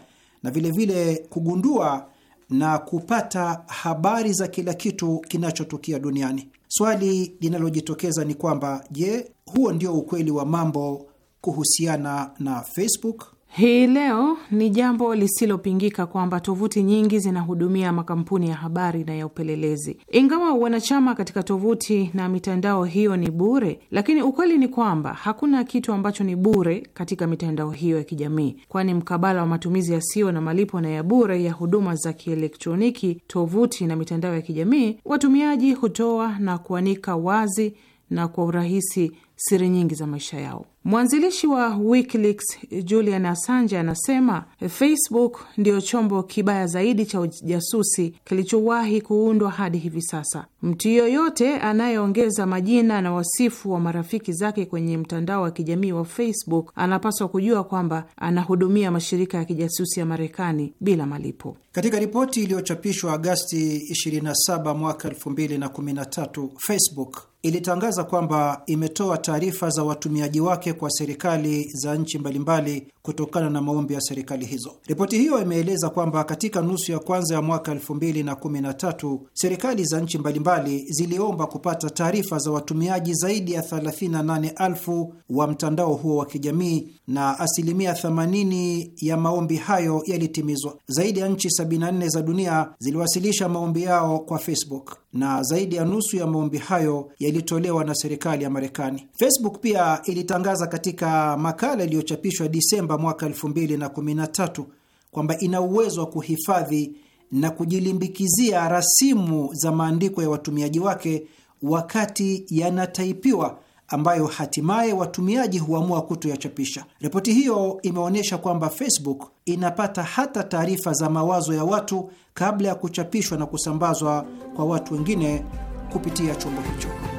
na vilevile vile kugundua na kupata habari za kila kitu kinachotukia duniani. Swali linalojitokeza ni kwamba je, huo ndio ukweli wa mambo kuhusiana na Facebook, hii leo ni jambo lisilopingika kwamba tovuti nyingi zinahudumia makampuni ya habari na ya upelelezi. Ingawa wanachama katika tovuti na mitandao hiyo ni bure, lakini ukweli ni kwamba hakuna kitu ambacho ni bure katika mitandao hiyo ya kijamii, kwani mkabala wa matumizi yasiyo na malipo na ya bure ya huduma za kielektroniki, tovuti na mitandao ya kijamii, watumiaji hutoa na kuanika wazi na kwa urahisi siri nyingi za maisha yao. Mwanzilishi wa WikiLeaks Julian Assange anasema Facebook ndiyo chombo kibaya zaidi cha ujasusi kilichowahi kuundwa hadi hivi sasa. Mtu yoyote anayeongeza majina na wasifu wa marafiki zake kwenye mtandao wa kijamii wa Facebook anapaswa kujua kwamba anahudumia mashirika ya kijasusi ya Marekani bila malipo. Katika ripoti iliyochapishwa Agasti 27 mwaka 2013, Facebook ilitangaza kwamba imetoa taarifa za watumiaji wake kwa serikali za nchi mbalimbali kutokana na maombi ya serikali hizo. Ripoti hiyo imeeleza kwamba katika nusu ya kwanza ya mwaka 2013 serikali za nchi mbalimbali ziliomba kupata taarifa za watumiaji zaidi ya 38,000 wa mtandao huo wa kijamii na asilimia 80 ya maombi hayo yalitimizwa. Zaidi ya nchi 74 za dunia ziliwasilisha maombi yao kwa Facebook na zaidi ya nusu ya maombi hayo yali ilitolewa na serikali ya Marekani. Facebook pia ilitangaza katika makala iliyochapishwa Disemba mwaka 2013 kwamba ina uwezo wa kuhifadhi na kujilimbikizia rasimu za maandiko ya watumiaji wake wakati yanataipiwa ambayo hatimaye watumiaji huamua kutoyachapisha. Ripoti hiyo imeonyesha kwamba Facebook inapata hata taarifa za mawazo ya watu kabla ya kuchapishwa na kusambazwa kwa watu wengine kupitia chombo hicho.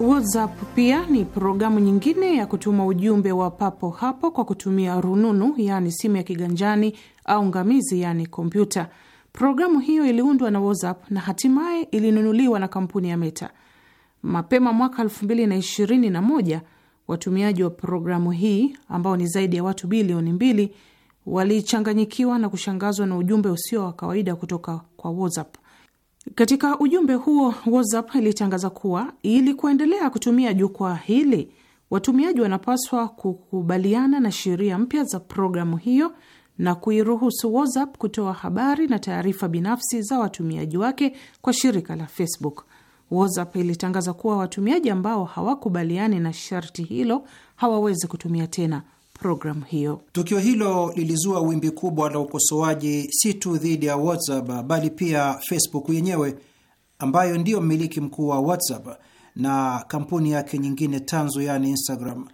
WhatsApp pia ni programu nyingine ya kutuma ujumbe wa papo hapo kwa kutumia rununu, yaani simu ya kiganjani au ngamizi, yaani kompyuta. Programu hiyo iliundwa na WhatsApp na hatimaye ilinunuliwa na kampuni ya Meta mapema mwaka 2021. Watumiaji wa programu hii ambao ni zaidi ya watu bilioni mbili walichanganyikiwa na kushangazwa na ujumbe usio wa kawaida kutoka kwa WhatsApp. Katika ujumbe huo, WhatsApp ilitangaza kuwa ili kuendelea kutumia jukwaa hili, watumiaji wanapaswa kukubaliana na sheria mpya za programu hiyo na kuiruhusu WhatsApp kutoa habari na taarifa binafsi za watumiaji wake kwa shirika la Facebook. WhatsApp ilitangaza kuwa watumiaji ambao hawakubaliani na sharti hilo hawawezi kutumia tena programu hiyo. Tukio hilo lilizua wimbi kubwa la ukosoaji, si tu dhidi ya WhatsApp bali pia Facebook yenyewe ambayo ndiyo mmiliki mkuu wa WhatsApp na kampuni yake nyingine tanzu, yani Instagram.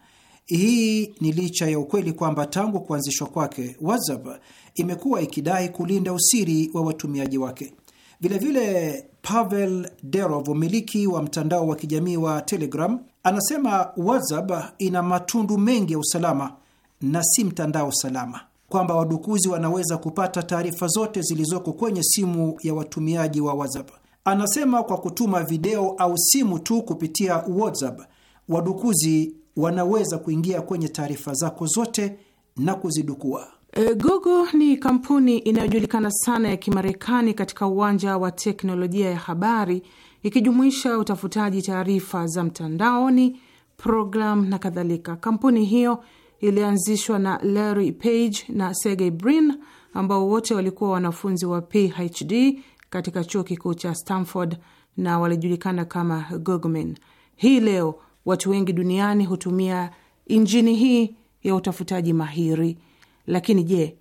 Hii ni licha ya ukweli kwamba tangu kuanzishwa kwake WhatsApp imekuwa ikidai kulinda usiri wa watumiaji wake. Vilevile, Pavel Durov, mmiliki wa mtandao wa kijamii wa Telegram, anasema WhatsApp ina matundu mengi ya usalama na si mtandao salama, kwamba wadukuzi wanaweza kupata taarifa zote zilizoko kwenye simu ya watumiaji wa WhatsApp. Anasema kwa kutuma video au simu tu kupitia WhatsApp, wadukuzi wanaweza kuingia kwenye taarifa zako zote na kuzidukua. E, Google ni kampuni inayojulikana sana ya Kimarekani katika uwanja wa teknolojia ya habari ikijumuisha utafutaji taarifa za mtandaoni, programu na kadhalika. Kampuni hiyo ilianzishwa na Larry Page na Sergey Brin ambao wote walikuwa wanafunzi wa PhD katika chuo kikuu cha Stanford na walijulikana kama gogman Hii leo watu wengi duniani hutumia injini hii ya utafutaji mahiri. Lakini je,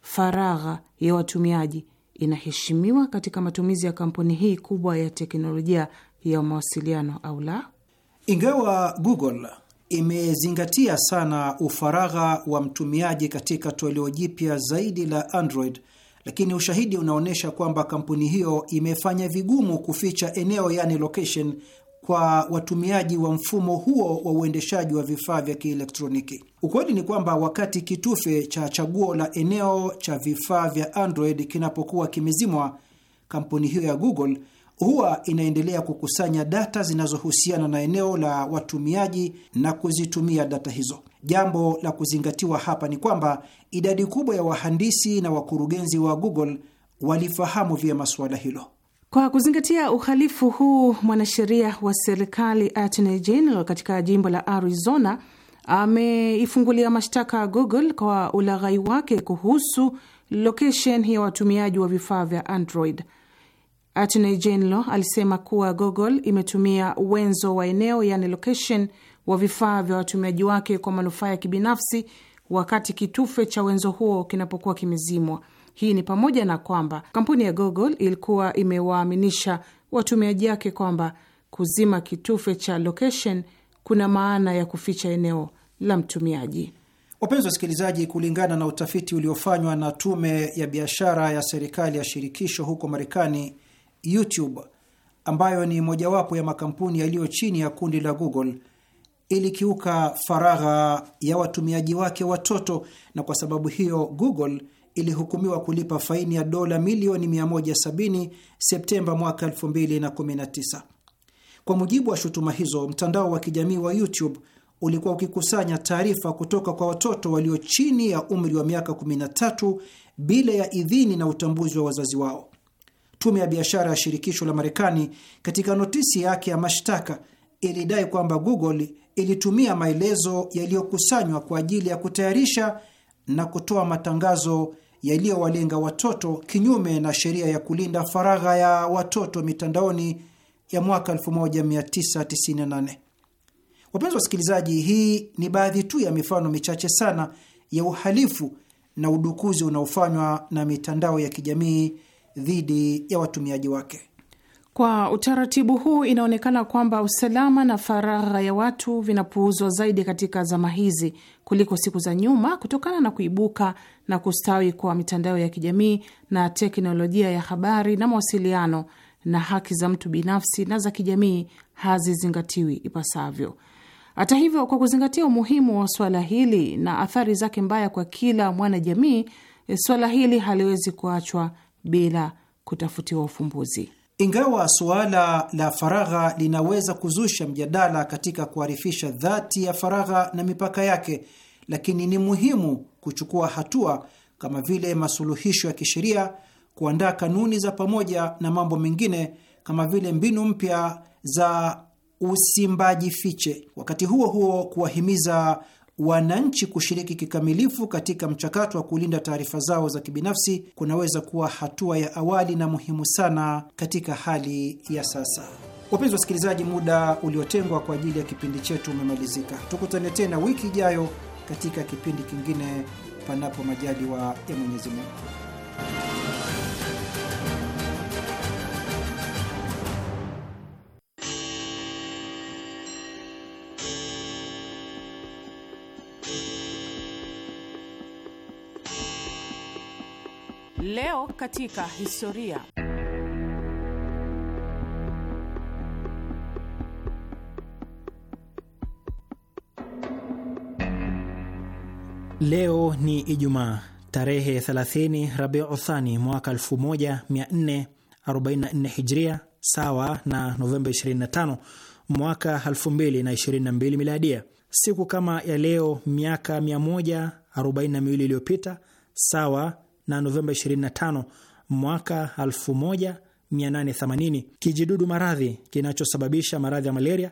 faragha ya watumiaji inaheshimiwa katika matumizi ya kampuni hii kubwa ya teknolojia ya mawasiliano au la? Ingawa Google imezingatia sana ufaragha wa mtumiaji katika toleo jipya zaidi la Android, lakini ushahidi unaonyesha kwamba kampuni hiyo imefanya vigumu kuficha eneo, yani location, kwa watumiaji wa mfumo huo wa uendeshaji wa vifaa vya kielektroniki. Ukweli ni kwamba wakati kitufe cha chaguo la eneo cha vifaa vya Android kinapokuwa kimezimwa, kampuni hiyo ya Google huwa inaendelea kukusanya data zinazohusiana na eneo la watumiaji na kuzitumia data hizo. Jambo la kuzingatiwa hapa ni kwamba idadi kubwa ya wahandisi na wakurugenzi wa Google walifahamu vyema suala hilo. Kwa kuzingatia uhalifu huu, mwanasheria wa serikali Attorney General katika jimbo la Arizona ameifungulia mashtaka Google kwa ulaghai wake kuhusu location ya watumiaji wa vifaa vya Android. Attorney General alisema kuwa Google imetumia wenzo wa eneo, yani location, wa vifaa vya watumiaji wake kwa manufaa ya kibinafsi wakati kitufe cha wenzo huo kinapokuwa kimezimwa. Hii ni pamoja na kwamba kampuni ya Google ilikuwa imewaaminisha watumiaji wake kwamba kuzima kitufe cha location kuna maana ya kuficha eneo la mtumiaji. Wapenzi wa wasikilizaji, kulingana na utafiti uliofanywa na tume ya biashara ya serikali ya shirikisho huko Marekani, YouTube ambayo ni mojawapo ya makampuni yaliyo chini ya kundi la Google ilikiuka faragha ya watumiaji wake watoto, na kwa sababu hiyo Google ilihukumiwa kulipa faini ya dola milioni 170 Septemba mwaka 2019. Kwa mujibu wa shutuma hizo, mtandao wa kijamii wa YouTube ulikuwa ukikusanya taarifa kutoka kwa watoto walio chini ya umri wa miaka 13 bila ya idhini na utambuzi wa wazazi wao. Tume ya biashara ya shirikisho la Marekani katika notisi yake ya mashtaka ilidai kwamba Google ilitumia maelezo yaliyokusanywa kwa ajili ya kutayarisha na kutoa matangazo yaliyowalenga watoto kinyume na sheria ya kulinda faragha ya watoto mitandaoni ya mwaka 1998. Wapenzi wasikilizaji, hii ni baadhi tu ya mifano michache sana ya uhalifu na udukuzi unaofanywa na mitandao ya kijamii dhidi ya watumiaji wake. Kwa utaratibu huu, inaonekana kwamba usalama na faragha ya watu vinapuuzwa zaidi katika zama hizi kuliko siku za nyuma, kutokana na kuibuka na kustawi kwa mitandao ya kijamii na teknolojia ya habari na mawasiliano, na haki za mtu binafsi na za kijamii hazizingatiwi ipasavyo. Hata hivyo, kwa kuzingatia umuhimu wa swala hili na athari zake mbaya kwa kila mwanajamii, swala hili haliwezi kuachwa bila kutafutiwa ufumbuzi. Ingawa suala la faragha linaweza kuzusha mjadala katika kuharifisha dhati ya faragha na mipaka yake, lakini ni muhimu kuchukua hatua kama vile masuluhisho ya kisheria, kuandaa kanuni za pamoja na mambo mengine kama vile mbinu mpya za usimbaji fiche. Wakati huo huo, kuwahimiza wananchi kushiriki kikamilifu katika mchakato wa kulinda taarifa zao za kibinafsi kunaweza kuwa hatua ya awali na muhimu sana katika hali ya sasa. Wapenzi wasikilizaji, muda uliotengwa kwa ajili ya kipindi chetu umemalizika. Tukutane tena wiki ijayo katika kipindi kingine, panapo majaliwa ya Mwenyezi Mungu. Leo katika historia. Leo ni Ijumaa tarehe 30 Rabiu Thani mwaka 1444 Hijria, sawa na Novemba 25 mwaka 2022 Miladia. Siku kama ya leo miaka 142 iliyopita, sawa na Novemba 25 mwaka 1880 kijidudu maradhi kinachosababisha maradhi ya malaria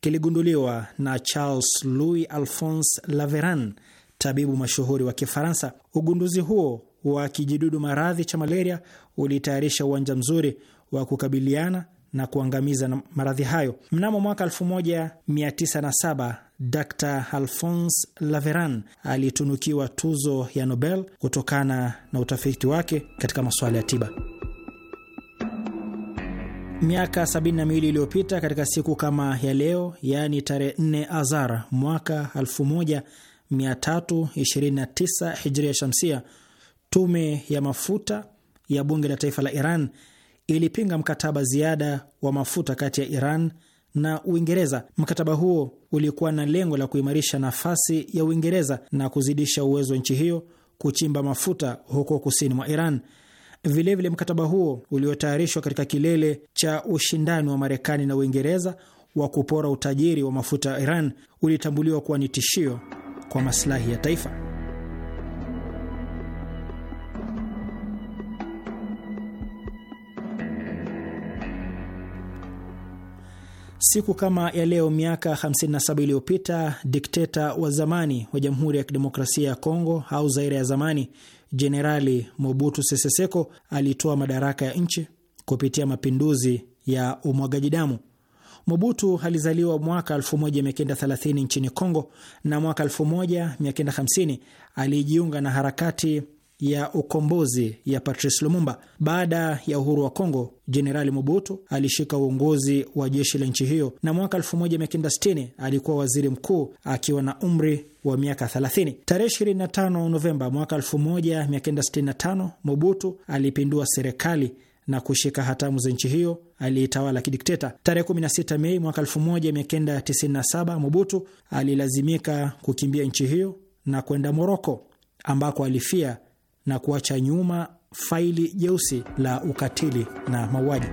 kiligunduliwa na Charles Louis Alphonse Laveran, tabibu mashuhuri wa Kifaransa. Ugunduzi huo wa kijidudu maradhi cha malaria ulitayarisha uwanja mzuri wa kukabiliana na kuangamiza maradhi hayo. Mnamo mwaka 1907 Dr Alphonse Laveran alitunukiwa tuzo ya Nobel kutokana na utafiti wake katika masuala ya tiba. Miaka 72 iliyopita katika siku kama ya leo, yaani tarehe 4 Azar mwaka 1329 Hijria Shamsia, tume ya mafuta ya bunge la taifa la Iran ilipinga mkataba ziada wa mafuta kati ya Iran na Uingereza. Mkataba huo ulikuwa na lengo la kuimarisha nafasi ya Uingereza na kuzidisha uwezo wa nchi hiyo kuchimba mafuta huko kusini mwa Iran. Vilevile vile mkataba huo uliotayarishwa katika kilele cha ushindani wa Marekani na Uingereza wa kupora utajiri wa mafuta ya Iran ulitambuliwa kuwa ni tishio kwa masilahi ya taifa. Siku kama ya leo miaka 57 iliyopita dikteta wa zamani wa Jamhuri ya Kidemokrasia ya Kongo au Zaire ya zamani, Jenerali Mobutu Sese Seko alitoa madaraka ya nchi kupitia mapinduzi ya umwagaji damu. Mobutu alizaliwa mwaka 1930 nchini Kongo na mwaka 1950 alijiunga na harakati ya ukombozi ya Patrice Lumumba. Baada ya uhuru wa Kongo, Jenerali Mobutu alishika uongozi wa jeshi la nchi hiyo na mwaka 1960 alikuwa waziri mkuu akiwa na umri wa miaka 30. Tarehe 25 Novemba mwaka 1965 Mobutu alipindua serikali na kushika hatamu za nchi hiyo aliyetawala kidikteta. Tarehe 16 Mei mwaka 1997 Mobutu alilazimika kukimbia nchi hiyo na kwenda Moroko ambako alifia na kuacha nyuma faili jeusi la ukatili na mauaji.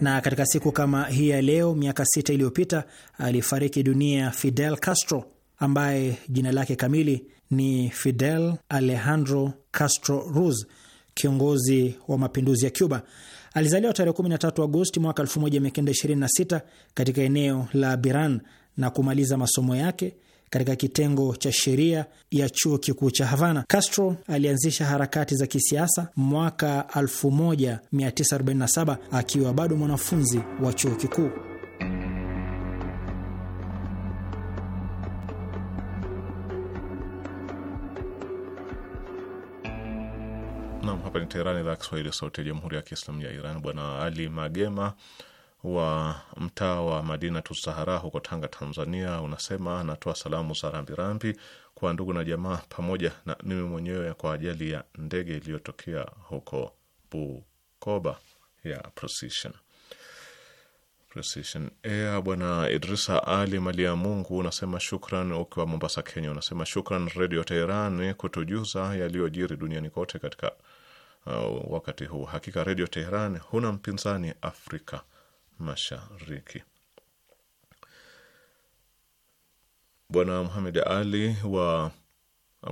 Na katika siku kama hii ya leo miaka sita iliyopita alifariki dunia Fidel Castro ambaye jina lake kamili ni Fidel Alejandro Castro Ruz, kiongozi wa mapinduzi ya Cuba. Alizaliwa tarehe 13 Agosti mwaka 1926 katika eneo la Biran na kumaliza masomo yake katika kitengo cha sheria ya chuo kikuu cha Havana. Castro alianzisha harakati za kisiasa mwaka 1947 akiwa bado mwanafunzi wa chuo kikuu. Hapa ni Teherani, idhaa ya Kiswahili, sauti ya jamhuri ya kiislamu ya Iran. Bwana Ali Magema wa mtaa wa Madina Tusahara huko Tanga, Tanzania, unasema anatoa salamu za rambirambi kwa ndugu na jamaa pamoja na mimi mwenyewe kwa ajali ya ndege iliyotokea huko Bukoba ya Precision. Precision Ea, Bwana Idrisa Ali mali ya Mungu unasema shukran, ukiwa Mombasa, Kenya, unasema shukran Redio Teheran kutujuza yaliyojiri duniani kote katika uh, wakati huu. Hakika Redio Teheran huna mpinzani Afrika Mashariki. Bwana Muhamed Ali wa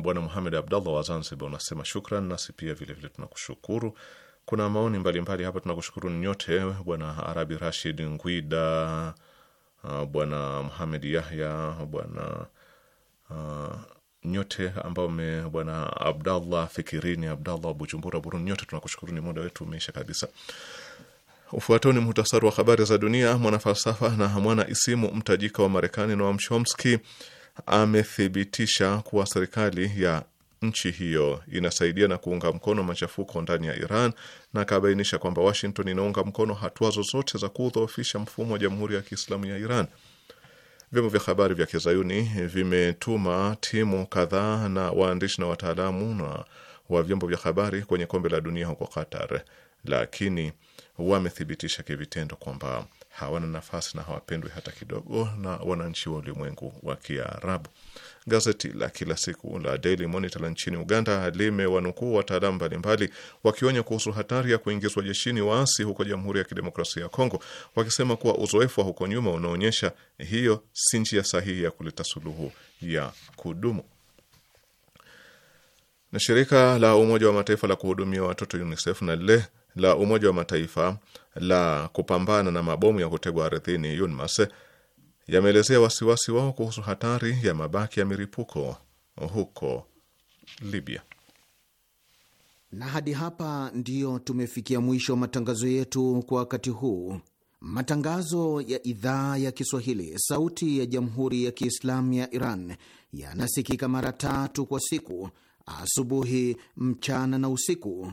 Bwana Muhamed Abdallah wa Zanzibar unasema shukran, nasi pia vilevile tunakushukuru. Kuna maoni mbalimbali mbali hapa, tunakushukuru nyote, Bwana Arabi Rashid Ngwida, uh, Bwana Muhamed Yahya, Bwana uh, nyote ambao me bwana Abdallah Fikirini, Abdallah wa Bujumbura, Burundi, nyote ni muda wetu umeisha kabisa. Ufuatao ni muhtasari wa habari za dunia. Mwanafalsafa na mwana isimu mtajika wa Marekani Noam Chomsky amethibitisha kuwa serikali ya nchi hiyo inasaidia na kuunga mkono machafuko ndani ya Iran na akabainisha kwamba Washington inaunga mkono hatua zozote za kudhoofisha mfumo wa Jamhuri ya Kiislamu ya Iran. Vyombo vya habari vya kizayuni vimetuma timu kadhaa na waandishi na wataalamu wa vyombo vya habari kwenye kombe la dunia huko Qatar, lakini wamethibitisha kivitendo kwamba hawana nafasi na hawapendwi hata kidogo na wananchi wa ulimwengu wa Kiarabu. Gazeti la kila siku la Daily Monitor la nchini Uganda limewanukuu wataalamu mbalimbali wakionya kuhusu hatari ya kuingizwa jeshini waasi huko Jamhuri ya Kidemokrasia ya Kongo, wakisema kuwa uzoefu wa huko nyuma unaonyesha hiyo si njia sahihi ya kuleta suluhu ya kudumu. Na shirika la Umoja wa Mataifa la kuhudumia watoto UNICEF na le la Umoja wa Mataifa la kupambana na mabomu ya kutegwa ardhini UNMAS yameelezea wasiwasi wao kuhusu hatari ya mabaki ya miripuko huko Libya. Na hadi hapa ndiyo tumefikia mwisho wa matangazo yetu kwa wakati huu. Matangazo ya idhaa ya Kiswahili, sauti ya jamhuri ya kiislamu ya Iran yanasikika mara tatu kwa siku: asubuhi, mchana na usiku.